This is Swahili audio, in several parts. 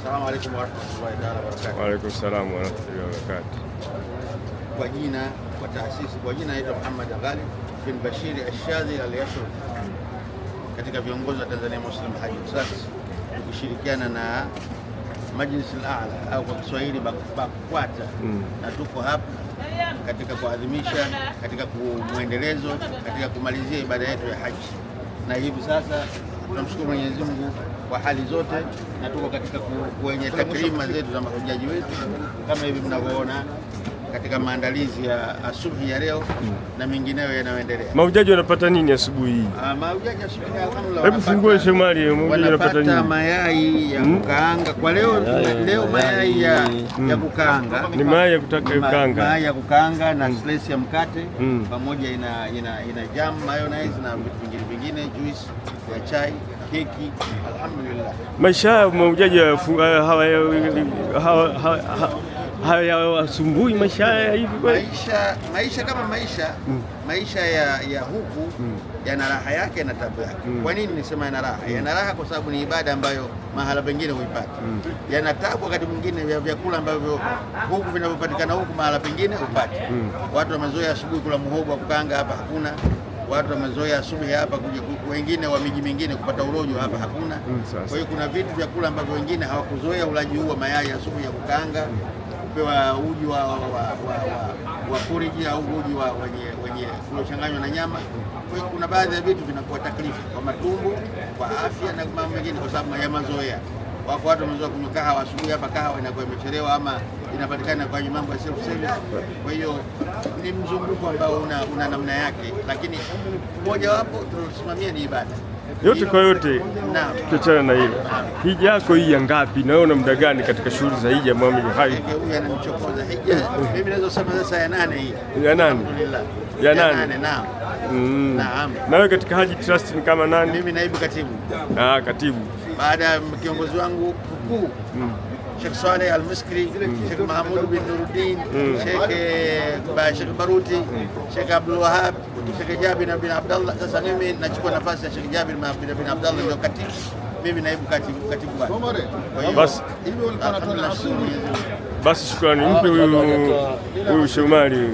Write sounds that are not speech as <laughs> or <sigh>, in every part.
Salamu alaykum warahmatullahi taala wabarakatuh. Waalaikum salamu warahmatullahi wabarakatuh. Kwa jina kwa taasisi, kwa jina naitwa Muhammad Ghalib bin Bashir Ashadhi al Yashur, katika viongozi wa Tanzania Muslim Hajj Sas, tukishirikiana na Majlis al-A'la au kwa Kiswahili BAKWATA mm. na tuko hapa katika kuadhimisha, katika kumwendelezo, katika kumalizia ibada yetu ya haji, na hivi sasa tunamshukuru Mwenyezi Mungu kwa hali zote, na tuko katika kwenye takrima zetu za mahujaji wetu kama hivi mnavyoona katika maandalizi ya asubuhi ya leo mm. na mengineyo yanayoendelea. Mahujaji wanapata nini asubuhi hii? Ah, mahujaji asubuhi alhamdulillah. Hebu fungue Shomari, mahujaji wanapata nini? Wanapata mayai ya hmm? kukaanga kwa leo leo mayai ya, ya hmm. kukaanga. Ni mayai ya kutaka kukaanga. Mayai ya kukaanga na hmm. slice ya mkate pamoja ina, ina, ina jam mayonnaise na vitu vingine vingine juice ya chai keki, alhamdulillah. Maisha haya maujaji hayawasumbui maisha haya hivi Maisha, maisha kama maisha mm. maisha ya, ya huku mm. yana raha yake na tabu yake mm. Kwa nini nisema yana raha? Mm. Yana raha kwa sababu ni ibada ambayo mahala pengine huipati mm. Yana tabu wakati mwingine ya vyakula ambavyo huku vinavyopatikana huku mahala pengine hupati mm. Watu wamezoea asubuhi kula muhogo wa kukanga hapa hakuna watu wamezoea asubuhi hapa kuja, wengine wa miji mingine kupata urojo hapa hakuna. Mm, kwa hiyo kuna vitu vya kula ambavyo wengine hawakuzoea ulaji huu wa mayai asubuhi ya kukanga mm. kupewa uji wa, wa, wa, wa, wa poriji au uji wa wenye uliochanganywa na nyama. Kwa hiyo kuna baadhi ya vitu vinakuwa taklifu kwa matumbo, kwa afya na mambo mengine, kwa sababu ya mazoea. Wako watu wamezoea kunywa kahawa asubuhi hapa, kahawa inakuwa imechelewa ama inapatikana kwenye mambo ya self service. Kwa hiyo ni mzunguko ambao una, una namna yake, lakini mojawapo tunaosimamia ni ibada yote kwa yote. Tukiachana na hilo, hija yako hii ya ngapi, na wewe una muda gani katika shughuli za hija? Muhammad Hai huyu anamchokoza hija, mimi naweza kusema sasa ya nane hii ya nane ya nane. Naam, mm. naam. Na wewe katika Haji Trust ni kama nani? Mimi naibu katibu. Ah, katibu baada ya kiongozi wangu mkuu mm. Sheikh Saleh Al-Misri, Sheikh Mahmoud bin Nuruddin, شيخ eh, Sheikh Baruti, Sheikh Abdul Wahab, Sheikh Jabir bin Abdullah. Sasa mimi nachukua nafasi ya Sheikh Jabir bin Abdullah ndio katibu, mimi naibu katibu katibu wake. Eh, basi basi, shukrani mpe huyu huyu Shomari.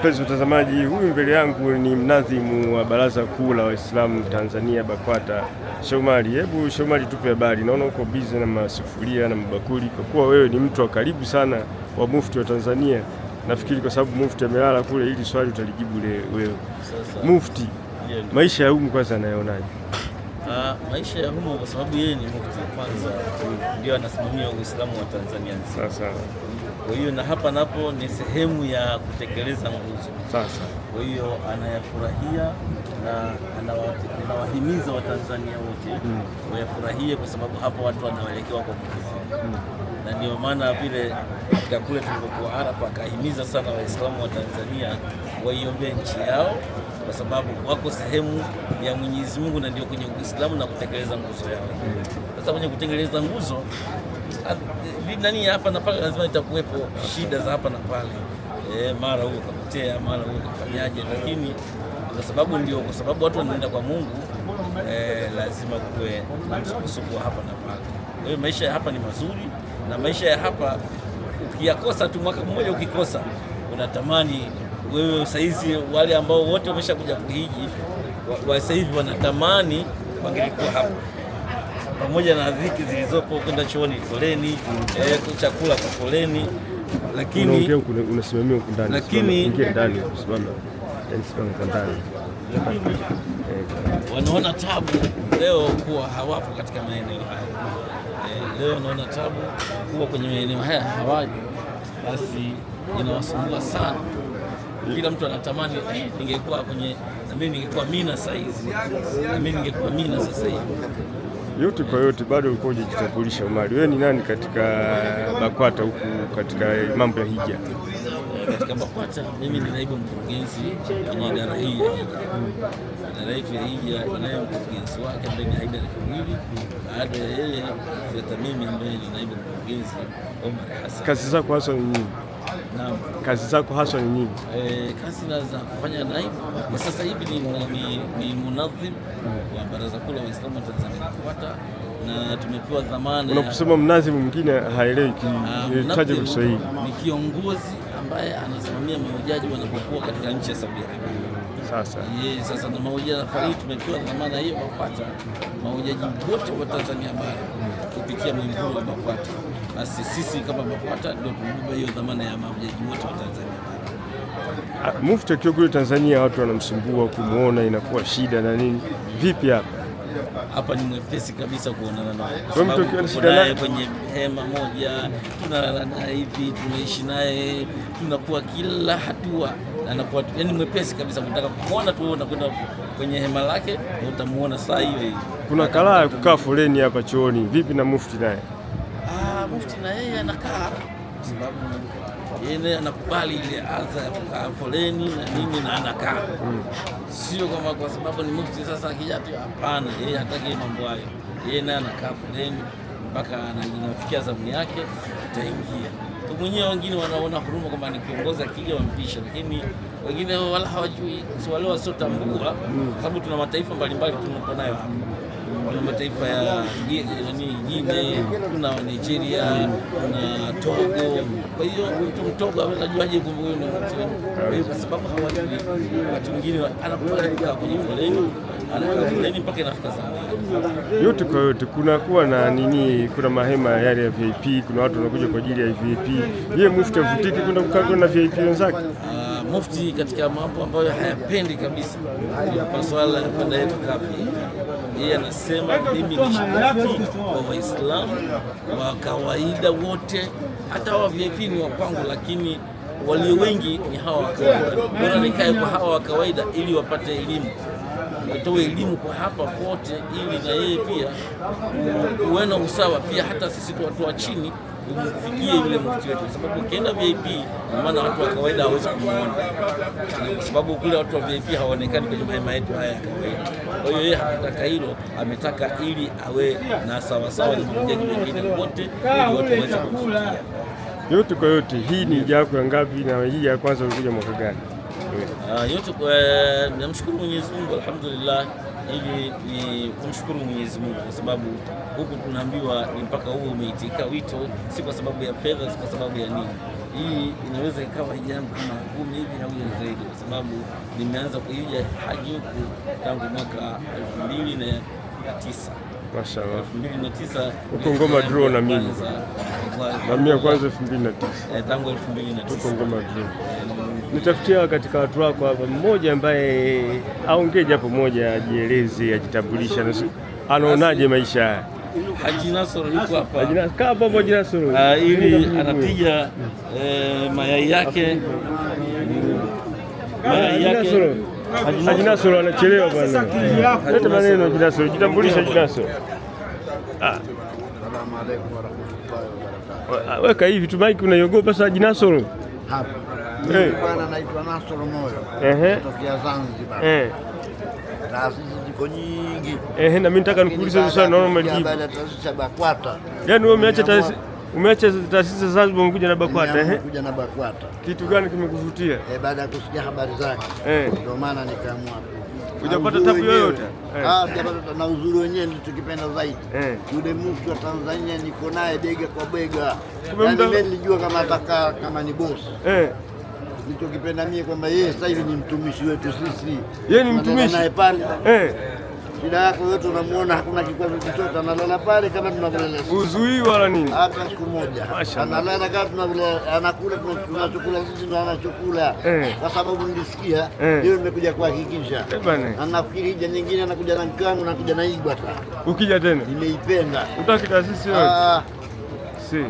Mpenzi mtazamaji, huyu mbele yangu ni mnadhimu wa Baraza Kuu la Waislamu Tanzania BAKWATA, Shomari. Hebu Shomari, tupe habari. Naona uko busy na masufuria na mabakuli, kwa kuwa wewe ni mtu wa karibu sana wa mufti wa Tanzania. Nafikiri kwa sababu mufti amelala kule, ili swali utalijibu wewe. Mufti, maisha ya humu kwanza anayonaje? Uh, ah, maisha ya humu, kwa sababu yeye ni mufti kwanza, ndio anasimamia Uislamu wa Tanzania Sasa kwa hiyo na hapa napo ni sehemu ya kutekeleza nguzo. Sasa kwa hiyo anayafurahia na anawahimiza Watanzania wote mm. wayafurahie kwa sababu hapa watu wanaelekewa kwa kufa mm. na ndio maana vile katika kule tulipokuwa Arafa akahimiza sana Waislamu wa Tanzania waiombee nchi yao kwa sababu wako sehemu ya Mwenyezi Mungu na ndio kwenye Uislamu na kutekeleza nguzo yao. Mm. Sasa mm. kwenye kutekeleza nguzo nani hapa na pale, lazima itakuwepo shida za hapa na pale e, mara huyo kapotea, mara huyo kafanyaje, lakini kwa sababu ndio, kwa sababu watu wanaenda kwa Mungu e, lazima kuwe na msukosuko hapa na pale. Kwa hiyo maisha ya hapa ni mazuri, na maisha ya hapa ukiyakosa tu, mwaka mmoja ukikosa, unatamani wewe saizi, wale ambao wote wameshakuja kuhiji wa, wa saizi wanatamani wangelikuwa hapa pamoja na dhiki zilizopo, kwenda chooni foleni, eh, chakula kwa foleni, lakini unasimamia huko ndani, lakini ndani kusimama eh, wanaona tabu leo kuwa hawapo katika maeneo haya. E, leo wanaona tabu kuwa kwenye maeneo haya hawaji, basi inawasumbua sana. Kila mtu anatamani eh, ningekuwa kwenye mimi ningekuwa mina na mimi ningekuwa mina sasa hivi yote kwa yote bado ulikuwa hujajitambulisha umari wewe ni nani katika BAKWATA huku katika mambo ya hija? Eh, katika BAKWATA mimi ni naibu mkurugenzi kwenye idara hii ya hija. Idara yetu ya hija inayo mkurugenzi wake ambaye ni Haidar Kamili, baada ya yeye fuata mimi ambaye ni naibu mkurugenzi Omar Hassan. Kazi zako hasa ni nini? Kazi zako haswa ni nini? Eh, kazi za kufanya naibu kwa sasa hivi ni, ni, ni munadhim wa Baraza Kuu la Waislamu Tanzania kwata na tumepewa dhamana. Unaposema mnazimu mwingine haelewi kitaje ah, kwa Kiswahili. Ni kiongozi ambaye anasimamia mahujaji wanapokuwa katika nchi ya Saudi Arabia. Sasa ye, sasa na mahujaji safari tumepewa dhamana hiyo BAKWATA mahujaji wote wa Tanzania bara kupitia mwimvuli wa BAKWATA basi sisi kama BAKWATA ndio tumebeba hiyo dhamana ya majaji wote wa Tanzania. Mufti akiwa kule Tanzania watu wanamsumbua kumwona, inakuwa shida na nini. Vipi hapa? Hapa ni mwepesi kabisa kuonana naye, naye kwenye hema moja, tunalala naye hivi, tunaishi naye, tunakuwa kila hatua anakuwa yani mwepesi kabisa. Kutaka kumwona tu unakwenda kwenye hema lake, utamwona saa hiyo hiyo. Kuna kalaa kukaa foleni hapa chooni. Vipi na mufti naye? mufti na yeye anakaa, yeye anakubali ile adha ya kukaa foleni na nini na anakaa, sio kama kwa sababu ni mufti. Sasa akija tu, hapana, yeye hataki mambo hayo. Yeye naye anakaa foleni mpaka anafikia zamu yake, ataingia tu mwenyewe. Wengine wanaona huruma kwamba ni kiongozi, akija wampisha, lakini wengine wala hawajui, si wale wasiotambua, kwa sababu tuna mataifa mbalimbali tunayo hapa kuna mataifa ya wengine, kuna Nigeria, kuna Togo. Kwa hiyo mtu mtogo anajuaje kwamba huyu ni mtu? Kwa sababu hawajui. Wakati mwingine anakuwa kwenye foleni yote kwa yote kunakuwa na nini, kuna mahema yale ya VIP, kuna watu wanakuja kwa ajili ya VIP. Yeye mufti avutiki kwenda kukaa na VIP wenzake. Ah, mufti katika mambo ambayo hayapendi kabisa kwa swala kwenda kapi yeye anasema mimi ni shiriki wa Waislamu wa kawaida wote, hata wa VIP ni wa kwangu, lakini walio wengi ni hawa wa kawaida. Bora nikae kwa hawa wa kawaida ili wapate elimu, watoe elimu kwa hapa pote, ili na yeye pia uwe na usawa pia, hata sisi kwa watu wa chini umfikie yule mufti wetu, kwa sababu ukienda VIP, maana watu wa kawaida hawezi kumuona, kwa sababu kule watu wa VIP hawaonekani kwenye mahema yetu haya ya kawaida. Kwa hiyo yeye hakutaka hilo, ametaka ili awe na sawasawa na mahujaji wengine wote, ili watu waweze kufikia Yote kwa yote, hii ni hija yako ya ngapi? Na hii ya kwanza ulikuja mwaka gani? Ah, yote eh, namshukuru Mwenyezi Mungu, alhamdulillah ili ni kumshukuru Mwenyezi Mungu kwa sababu huku tunaambiwa ni mpaka huu umeitika wito, si kwa sababu ya fedha, si kwa sababu ya nini hii inaweza ikawa jambo kama kumi hivi au ya zaidi, kwa sababu nimeanza kuhija haji huku tangu mwaka elfu mbili na tisa elfu mbili na tisa huko Ngoma draw na mimi na mimi ya kwanza elfu mbili na tisa eh, tangu elfu mbili na tisa huko Ngoma draw eh, nitafutia katika watu wako hapa mmoja ambaye aongee japo moja, ajieleze, ajitambulishe, anaonaje maisha haya Ajina Soro yuko hapa. Ajina kaa hapo Ajina Soro. Ah, ili anapiga eh, mayai yake. Mayai yake. Ajina Soro anachelewa bwana. Eh, leta maneno Ajina Soro, jitambulisha Ajina Soro. Ah. Weka hivi tu mike unaiogopa sasa Ajina Soro. Hapa. Eh. Bwana anaitwa Nasoro Moyo. Ehe. Kutoka Zanzibar. Eh taasisi ziko nyingi. Ehe, na mimi nataka nikuulize sasa, swali naona umejibu. Baada ya taasisi ya BAKWATA. Yaani wewe umeacha taasisi umeacha taasisi za Zanzibar umekuja na BAKWATA ehe. Umekuja na BAKWATA. Kitu gani kimekuvutia? Eh, baada ya kusikia habari zake. Eh. Ndio maana nikaamua. Hujapata tabu yoyote? Ah, hujapata na uzuri wenyewe ndio eh. ah, tukipenda zaidi. Eh. Yule mtu wa Tanzania niko naye bega kwa bega. Yaani mimi nilijua kama atakaa kama ni boss. Eh nilichokipenda mie kwamba yeye sasa hivi ni mtumishi wetu sisi, yeye ni mtumishi naye pale eh shida yako yote unamuona, hakuna kikwazo chochote, analala pale kama tunavyolala, uzui wala nini, hata siku moja analala kama tunavyolala, anakula tunachokula sisi ndo anachokula, eh. kwa sababu nilisikia hiyo, eh. nimekuja kuhakikisha. Eh Anafikiri hija nyingine anakuja na mkangu nakuja na igwa tu, ukija tena, nimeipenda utakita sisi wewe ah. si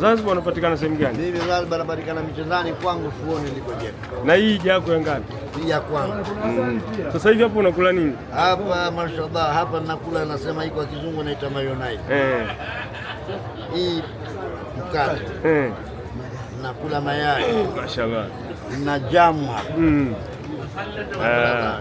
Zanzibar unapatikana sehemu gani? Mimi Zanzibar napatikana Michezani kwangu Fuoni liko jeka. Na hii ija yako ya ngapi? Hii ya kwangu. Mm. Sasa hivi hapo unakula nini? Hapa mashallah, hapa nakula nasema hii kwa kizungu naita mayonai. Eh. Hii mkate. Eh. Nakula mayai. Mashallah. Na jamu hapa. Mm. Eh.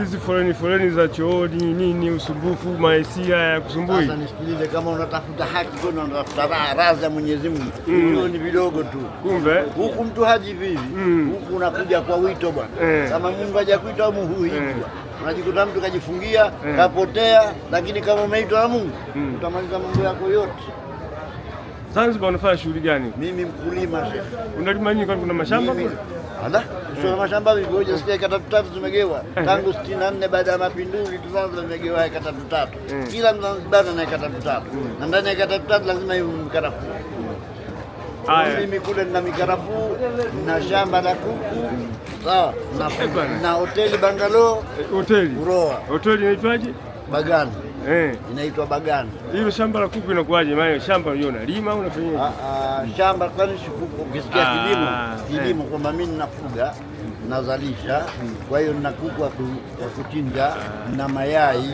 hizi foleni foleni za chooni nini, usumbufu maesia ya kusumbui. Sasa nisikilize, kama unatafuta haki kwani unatafuta raha ya Mwenyezi Mungu, mm. hiyo ni vidogo tu. Kumbe huku mtu haji vivi, mm. huku unakuja kwa wito bwana. Eh. Kama Mungu haja kuita muhui eh. unajikuta mtu kajifungia kapotea, lakini kama umeitwa na Mungu mm. utamaliza mambo yako yote. Zanzibar unafanya shughuli gani? Mimi mkulima sheikh. Unalima nini kwani kuna mashamba? Ala, na mashamba vigoja sikia kata tatu zimegewa. Eh. Tangu 64 baada ya mapinduzi tu. Sasa zimegewa kata tatu. Eh. Kila Mzanzibari ana kata tatu. Mm. Na ndani ya kata tatu lazima iwe mkarafuu. Mimi kule nina mikarafuu na shamba la kuku sawa, eh, na hoteli bangalo, hoteli uroa, hoteli inaitwaje? Bagana eh, inaitwa Baganda. Hilo shamba la kuku inakuwaje? Maana shamba hiyo unalima au unafanyaje? Ah, ah shamba kwani si ukisikia ah, kilimo eh. kilimo kwamba mimi ninafuga nazalisha, kwa hiyo nina kuku wa kuchinja na mayai.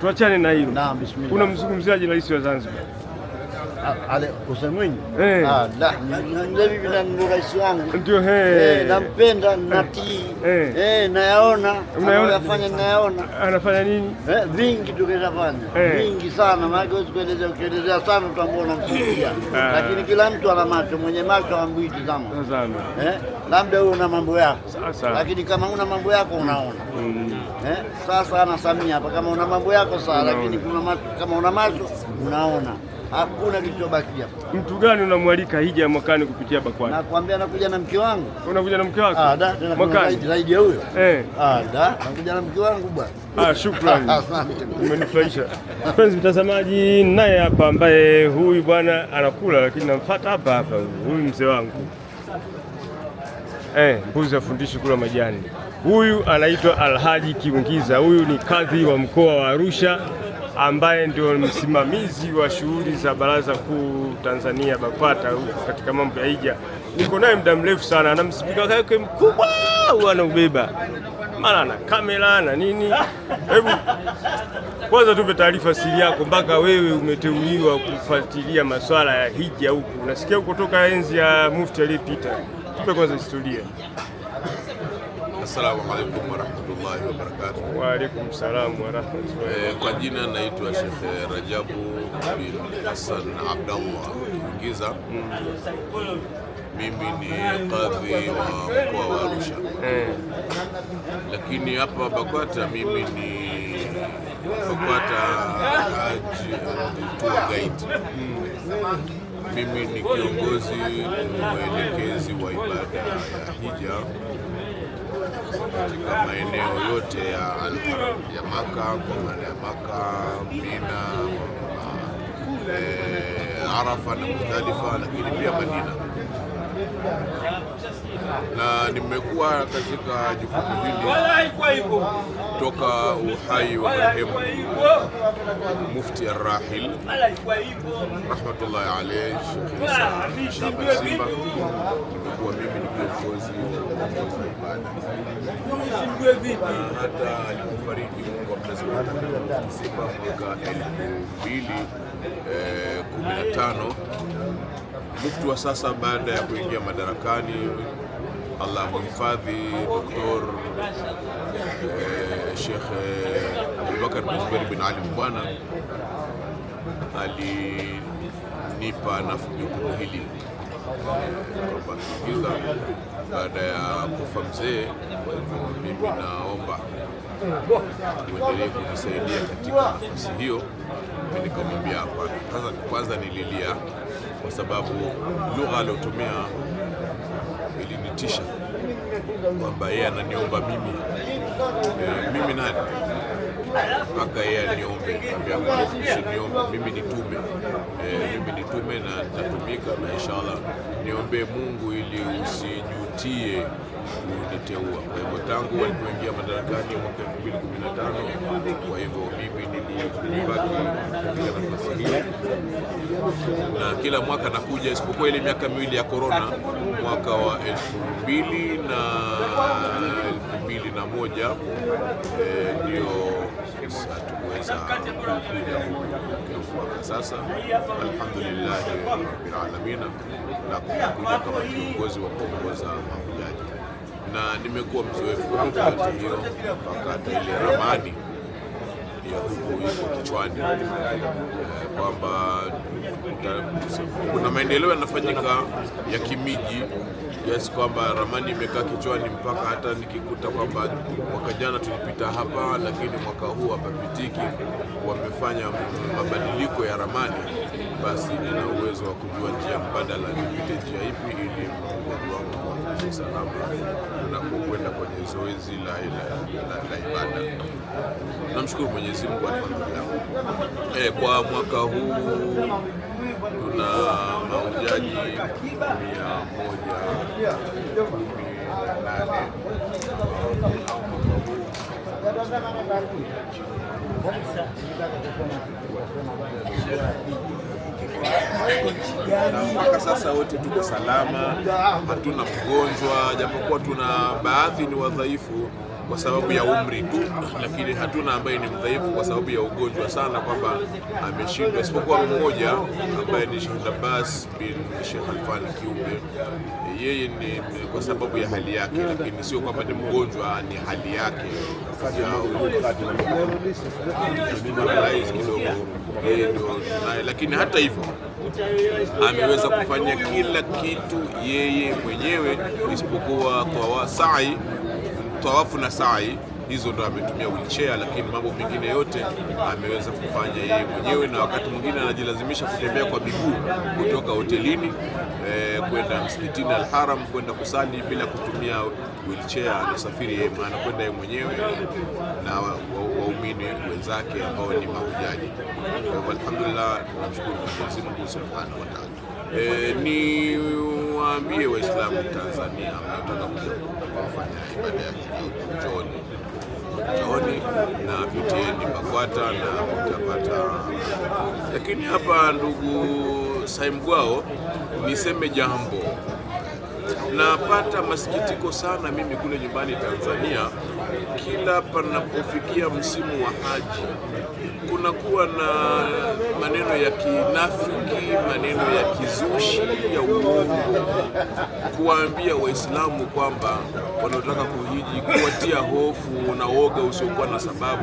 Tuachane na hilo. Naam, bismillah. Unamzungumziaje rais wa Zanzibar? Hussein Mwinyi vile ni rais wangu, ndio nampenda, natii, nayaona nayafanya, nayaona anafanya nini vingi, tukishafanya vingi sana, maana huwezi kuelezea. Ukielezea sana utamwona msikia, lakini kila mtu ana macho, mwenye macho hambui tazama. Labda wewe una mambo yako, lakini kama una mambo yako unaona sasa. Ana hapa, kama una mambo yako saa lakini kama una macho unaona hakuna kilichobakia. Mtu gani unamwalika hija mwakani kupitia Bakwata? Nakwambia nakuja na mke wangu. Unakuja na mke wako? Ah, da, mwakani. Zaidi ya huyo. Eh. Ah, da, nakuja na mke wangu bwana. Ah, shukrani. <laughs> Asante. Umenifurahisha. Mpenzi mtazamaji, naye hapa ambaye huyu bwana anakula lakini namfuata hapa hapa huyu mzee wangu. Eh, mbuzi afundishi kula majani. Huyu anaitwa Alhaji Kiungiza. Huyu ni kadhi wa mkoa wa Arusha ambaye ndio msimamizi wa shughuli za Baraza Kuu Tanzania BAKWATA huko katika mambo ya hija. Niko naye muda mrefu sana, na msipika wake mkubwa anaubeba, mara na kamera na nini. Hebu kwanza tupe taarifa, siri yako mpaka wewe umeteuliwa kufuatilia masuala ya hija huku, nasikia huko toka enzi ya mufti aliyepita. Tupe kwanza historia. Assalamu alaikum warahmatullahi wabarakatuh. Wa alaikum salam wa rahmatullahi. Eh, kwa jina naitwa Sheikh Rajabu bin Hassan Abdallah Kiingiza. Mimi ni kadhi wa mkoa wa Arusha. Eh. Lakini hapa BAKWATA mimi ni BAKWATA Haji Tour Guide. Mimi ni kiongozi mwelekezi wa ibada ya hija katika maeneo yote ya ya Maka, kwa maana ya Maka, Mina, eh, Arafa na Muzdalifa, lakini pia Madina na nimekuwa katika jukumu hili kutoka uhai wa marehemu Mufti Arrahil rahmatullahi alayhi Sheikh Shaaban Simba, kuwa mimi ni kiongozi wa ibada hata alipofariki Mungu amtazame Simba mwaka elfu mbili eh, kumi na tano. Mufti wa sasa baada ya kuingia madarakani Allah muhifadhi Doktor eh, Sheikh eh, Abubakar bin bin Ali Mbwana alinipa nafuu jukumu hili kwamba kiugiza baada ya kufa mzee. Kwa hivyo mimi naomba uendelee kunisaidia katika nafasi hiyo. Mi nikamwambia hapana. Sasa kwanza nililia, kwa sababu lugha aliotumia ilinitisha kwamba yeye ananiomba mimi mimi nani mpaka yeye aniombe niomba mimi nitume e, mimi nitume na nitatumika na inshallah, niombe Mungu ili usijutie kuniteua. Kwa hivyo tangu walipoingia madarakani mwaka 2015 kwa hivyo mimi nilibaki katika nafasi hii, na kila mwaka nakuja, isipokuwa ile miaka miwili ya korona, mwaka wa elfu mbili na ishirini na moja eh, ndio tukuweza kuja sasa, alhamdulillah rabbil alamin, na kuja kama kiongozi wa kuongoza mahujaji, na nimekuwa mzoefu katikati hiyo mpaka ile ramani ya huku kichwani eh, kwamba kuna maendeleo yanafanyika ya kimiji kiasi yes, kwamba ramani imekaa kichwani mpaka hata nikikuta kwamba mwaka jana tulipita hapa, lakini mwaka huu hapapitiki, wamefanya mabadiliko ya ramani, basi nina uwezo wa kujua njia mbadala, nipite njia ipi ili ni salama unapokwenda kwenye zoezi la, la, la, la ibada. Namshukuru Mwenyezi Mungu alhamdulillah. Eh, e, kwa mwaka huu tuna mahujaji mia moja kumi na nane mpaka sasa wote tuko salama, hatuna mgonjwa, japokuwa tuna baadhi ni wadhaifu kwa sababu ya umri tu, lakini hatuna ambaye ni mdhaifu kwa sababu ya ugonjwa sana kwamba ameshindwa, isipokuwa mmoja ambaye ni Sheikh Abbas bin Sheikh Alfan Kiube. Yeye ni kwa sababu ya hali yake, lakini sio kwamba ni mgonjwa, ni hali yake kidogo, lakini hata hivyo ameweza kufanya kila kitu yeye mwenyewe isipokuwa kwa wasai tawafu na sa'i hizo ndo ametumia wheelchair, lakini mambo mengine yote ameweza kufanya yeye mwenyewe, na wakati mwingine anajilazimisha kutembea kwa miguu kutoka hotelini e, kwenda msikitini Al-Haram kwenda kusali bila kutumia wheelchair. Anasafiri yeye, kwenda yeye mwenyewe na waumini wa, wa wenzake ambao ni mahujaji. Alhamdulillah, tunamshukuru Mwenyezi Mungu subhanahu wa ta'ala. E, ni waambie Waislamu Tanzania mnataka kuja kufanya ibada ya Hija, njooni na vitieni BAKWATA na mtapata. Lakini hapa, ndugu saimgwao niseme jambo napata masikitiko sana mimi kule nyumbani Tanzania, kila panapofikia msimu wa haji kunakuwa na maneno ya kinafiki, maneno ya kizushi ya uongo, kuwaambia Waislamu kwamba wanaotaka kuhiji, kuwatia hofu na woga usiokuwa na sababu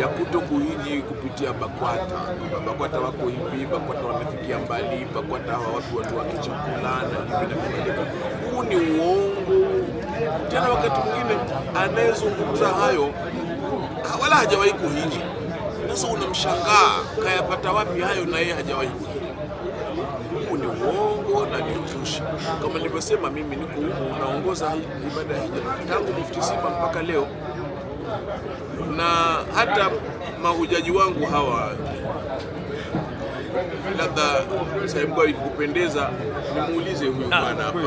ya kuto kuhiji kupitia BAKWATA. BAKWATA wako hivi, BAKWATA wanafikia mbali, BAKWATA hawa watu watu wake na hivi na kadhalika. Huu ni uongo. Tena wakati mwingine anayezungumza hayo wala hajawahi kuhiji. Sasa unamshangaa kayapata wapi hayo, na yeye hajawahi huu ni uongo na ni uzushi. Kama nilivyosema, mimi niko humu naongoza ibada ya hija tangu Mufti Simba mpaka leo, na hata mahujaji wangu hawa labda saibu kupendeza nimuulize huyu ah, bwana hapa.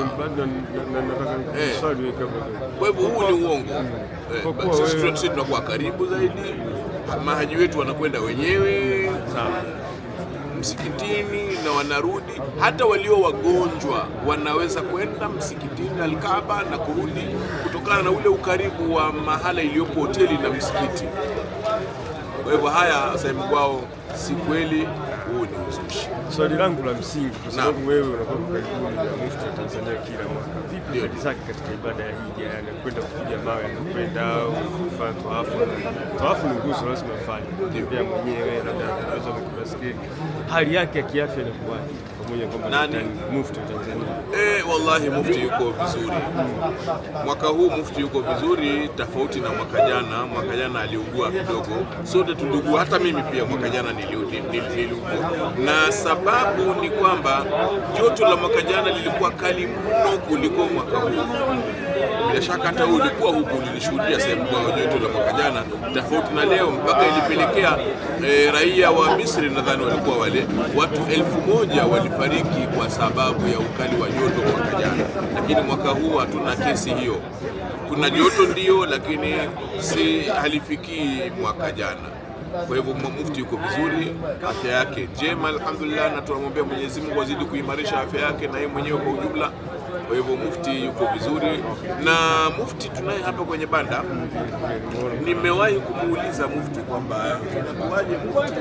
Eh. Kwa hivyo huu ni uongo, mm. eh, sisi tunakuwa karibu zaidi mahaji wetu wanakwenda wenyewe sawa, msikitini na wanarudi. Hata walio wagonjwa wanaweza kwenda msikitini Alkaaba na kurudi, kutokana na ule ukaribu wa mahala iliyopo hoteli na msikiti. Kwa hivyo haya sehemu kwao si kweli huu ni uzushi. Swali langu la msingi, kwa sababu wewe unakuwa karibuni na mufti wa Tanzania kila mwaka, vipi hali zake katika ibada ya hija, yani kwenda kupiga mawe, anakwenda kufanya tawafu? Tawafu ni nguzo, lazima afanye tembea mwenyewe, labda anaweza kukubaskeli. Hali yake ya kiafya inakuwaje, pamoja kwamba ni mufti wa Tanzania? Eh, wallahi Mufti yuko vizuri mwaka huu, Mufti yuko vizuri tofauti na mwaka jana. Mwaka jana aliugua kidogo, sote tuliugua, hata mimi pia mwaka jana niliugua, na sababu ni kwamba joto la mwaka jana lilikuwa kali mno kuliko mwaka huu. Bila shaka hata wewe ulikuwa huku ulishuhudia sehemu kwa joto la mwaka jana, tofauti na leo, mpaka ilipelekea e, raia wa Misri nadhani walikuwa wale watu elfu moja walifariki kwa sababu ya ukali wa joto mwaka jana, lakini mwaka huu hatuna kesi hiyo. Kuna joto ndio, lakini si halifikii mwaka jana. Kwa hivyo mufti yuko vizuri, afya yake njema alhamdulillah, na tunamwombea Mwenyezi Mungu azidi kuimarisha afya yake na yeye mwenyewe kwa ujumla. Kwa hivyo mufti yuko vizuri, na mufti tunaye hapa kwenye banda. Nimewahi kumuuliza mufti kwamba unakuaje mufti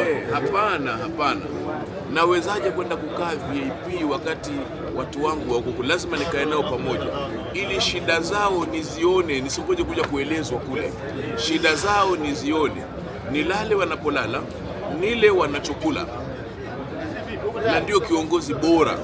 eh, Hapana, hapana, nawezaje kwenda kukaa VIP wakati watu wangu wako lazima nikae nao pamoja ili shida zao nizione, nisingoje kuja kuelezwa kule. Shida zao nizione, nilale wanapolala, nile wanachokula. Na ndio kiongozi bora.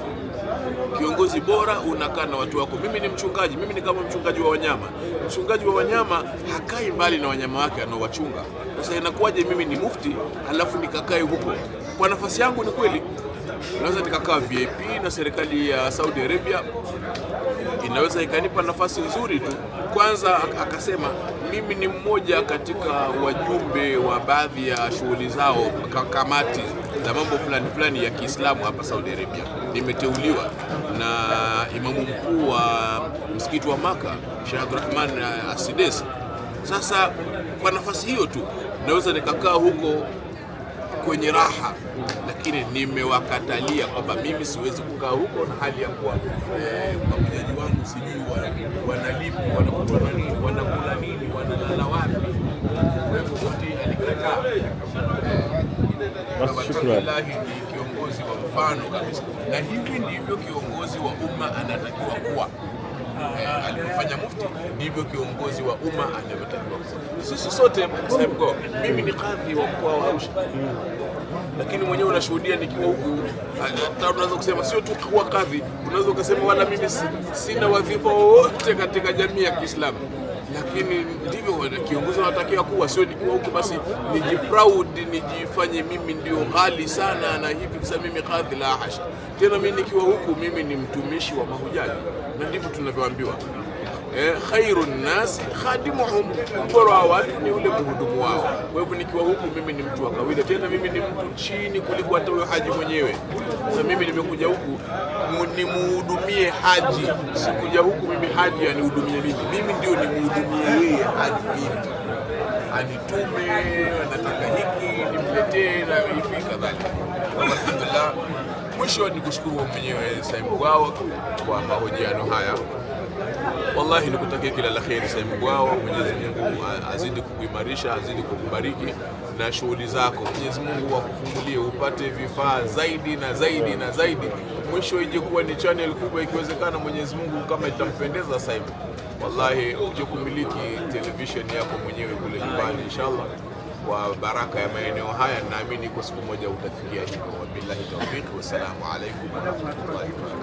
Kiongozi bora unakaa na watu wako. Mimi ni mchungaji, mimi ni kama mchungaji wa wanyama. Mchungaji wa wanyama hakai mbali na wanyama wake anaowachunga. Sasa inakuwaje mimi ni mufti halafu nikakae huko? Kwa nafasi yangu ni kweli naweza nikakaa VIP na serikali ya Saudi Arabia inaweza ikanipa nafasi nzuri tu. Kwanza akasema mimi ni mmoja katika wajumbe wa baadhi ya shughuli zao kamati za mambo fulani fulani ya Kiislamu hapa Saudi Arabia. Nimeteuliwa na imamu mkuu wa msikiti wa Maka Sheikh Abdurrahman Asides. Sasa kwa nafasi hiyo tu naweza nikakaa huko kwenye raha lakini nimewakatalia kwamba mimi siwezi kukaa huko na hali ya kuwa eh, wangu sijui wanalipi wanakula nini wanakula nini wanalala wapi. Alikataa. Alhamdulillahi ni kiongozi wa mfano kabisa, na hivi ndivyo kiongozi wa umma anatakiwa kuwa. Eh, mufti ndivyo kiongozi wa umma anavyotakiwa. Sisi sote mimi ni kadhi wa mkoa wa Arusha mm lakini mwenyewe unashuhudia nikiwa huku, hata unaweza kusema sio tu kuwa kadhi, unaweza ukasema wala mimi sina wadhifa wowote katika jamii ya Kiislamu, lakini ndivyo kiongozi anatakiwa kuwa, sio nikiwa huku basi niji proud nijifanye mimi ndio ghali sana na hivi kwa mimi kadhi. La hasha! Tena mimi nikiwa huku, mimi ni mtumishi wa mahujaji, na ndivyo tunavyoambiwa eh, khairu nnasi khadimuhum, mbora wa watu ni ule mhudumu wao. Kwa hivyo nikiwa huku mimi ni mtu wa kawaida, tena mimi ni mtu chini kuliko hata huyo haji mwenyewe. Sasa mimi nimekuja huku nimuhudumie haji, sikuja huku mimi haji anihudumie mimi, mimi ndio nimuhudumie yeye haji mimi anitume anataka hiki nimletee na hivi kadhalika. Alhamdulillah, mwisho ni kushukuru mwenyewe Saimu Gawa kwa mahojiano haya. Wallahi nikutakia kila la kheri sehemu Mungu Mwenyezi Mungu azidi kukuimarisha, azidi kukubariki na shughuli zako. Mwenyezi Mungu akufungulie upate vifaa zaidi na zaidi na zaidi, mwisho ije kuwa ni channel kubwa, ikiwezekana Mwenyezi Mungu kama itampendeza sasa hivi. Wallahi uje kumiliki television yako mwenyewe kule nyumbani inshallah, kwa baraka ya maeneo haya, naamini kwa siku moja utafikia hivyo. Wabillahi tawfiq, wassalamu alaykum wa rahmatullahi wa barakatuh.